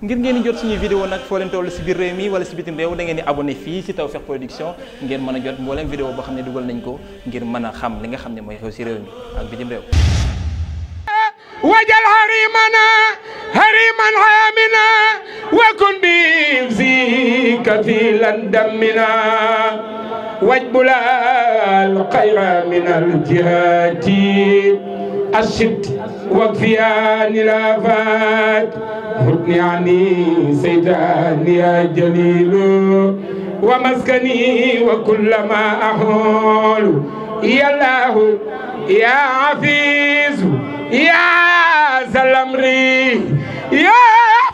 ngir ngeen jot suñu vidéo nag foo leen toll si biir réew mi wala si bitim réew da ngeen di abonné fii si Tawfekh Production ngeen mën a jot mbooleem vidéo boo xam ne dugal nañ ko ngir mën a xam li nga xam ne mooy xew si réew mi ak bitim réew wajal harimana hariman hayamina wakun bi si kafilan dammina waj bulal xayra min al أشد وكفياني لافات هدني عني سيداني يا جليل ومسكني وكلما أحول يا الله يا عفيز يا ذا الأمر يا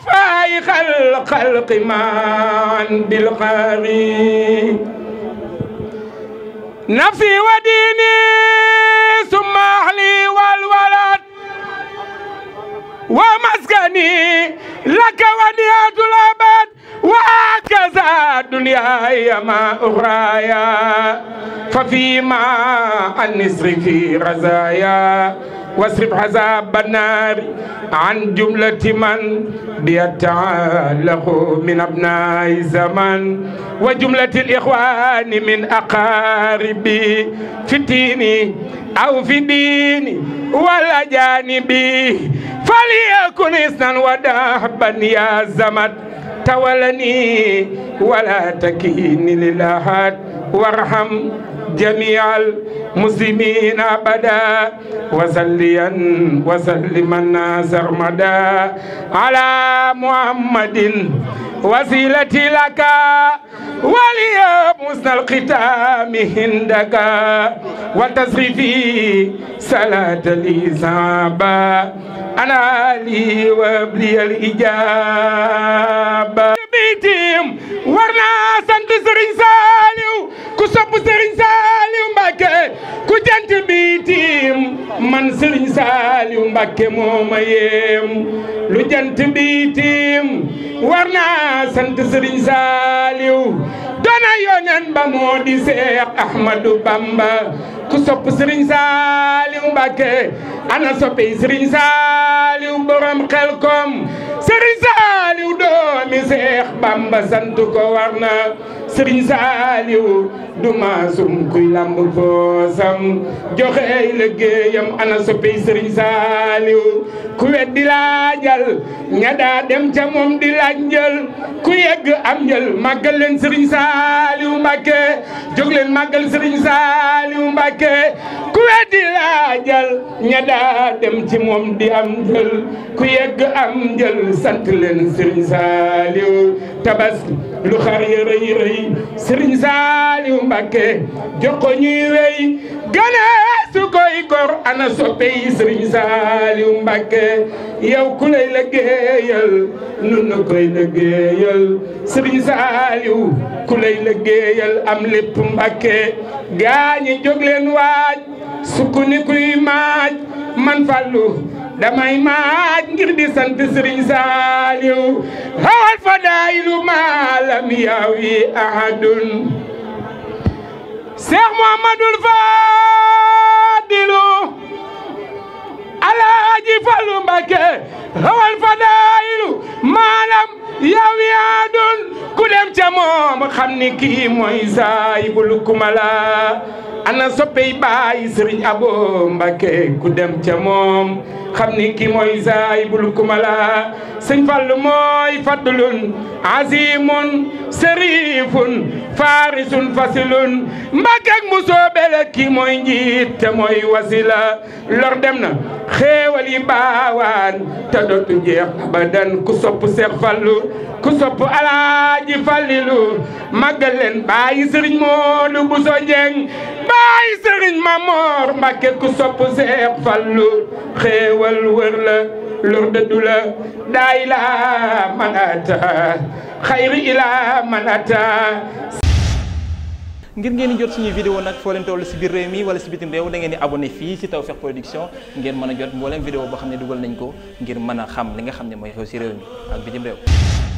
فايق الخلق من بالقريب نفسي وديني لك ونيات الأبد وهكذا دنياي ما أخرايا ففيما النسر في رزايا واصرف عذاب النار عن جملة من بيتعاله من أبناء زمن وجملة الإخوان من أقاربي في ديني أو في ديني ولا جانبي فليكن إسنا ودهبا يا زمد تولني ولا تكيني للأحد وارحم جميع المسلمين أبدا وسليا وسلما سرمدا على محمد وسيلتي لك ولي مسن الختام هندك وتصريفي صلاة الإصابة أنا لي وبلي الإجابة بيتهم ورنا سنت سرين saaliw mbàkke mooma yéem lu jant bi tiim sant sëriñ saaliw doona yoonen ba moo di seex ahmadu bamba ku sopp sëriñ saaliw ana soppey sëriñ saaliw borom xel Serigne Saliou doomi Seex Bamba sant ko war na Serigne Saliou du maasum kuy lamb poosam joxe ay liggéeyam ana soppey Serigne Saliou ku weddi laajal ña daa dem ca moom di ku yegg am njël màggal leen Serigne Saliou Mbacké jóg leen màggal Serigne Saliou weddi laajal ña daa dem ci moom di am njël ku yegg am njël sant len Serigne Saliou tabas lu xar rëy rëy Serigne Saliou Mbacké jox ko ñuy ana soppe yi sëriñ Saaliw Mbàkke yow ku lay liggéeyal nun nu koy liggéeyal sëriñ Saaliw ku lay am lépp Mbàkke gaañi jóg leen waaj sukkundikuy maaj man fàllu damay maaj ngir di sant sëriñ Saaliw hawal fa daayilu maalam yaawi ahadun Cheikh Mouhamadoul Fadilou alaaji fallu mbakke xawal fadaayilu maalam yaw yaa doon ku dem ca moom xam ni kii mooy saayibul kumala ana soppey baay sëriñ Abo Mbàkke ku dem ca moom xam ni ki mooy saay bul kumala sëñ Fallu mooy fadlun azimun sërifun farisun fasilun Mbàkke ak musoobe ki mooy njiit te mooy wasila lor dem na xéewal yi baawaan te dootu jeex abadan ku sopp Seex Fallu ku sopp Alaaji Fallilu màggal leen bàyyi sëriñ Moodu Buso yaay sëriñ Mamor Mbàkke ku sopp Seex Fallu xéewal wër la lor dëddu la daa ilaa manata xayri ilaa manata ngir ngeen di jot suñuy vidéo nag foo leen toll si biir réew mi wala si bitim réew da ngeen di abonné fii si Tawfekh Production ngeen mën a jot mbooleem vidéo boo xam ne dugal nañ ko ngir mën a xam li nga xam ne mooy xew si réew mi ak bitim réew